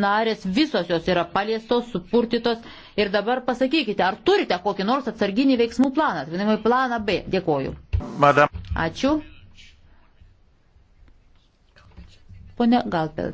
narės visos jos yra paliestos, supurtytos. Ir dabar pasakykite, ar turite kokį nors atsarginį veiksmų planą, vadinamąjį planą B. Dėkoju. Madam. Ačiū. Pone Galpel.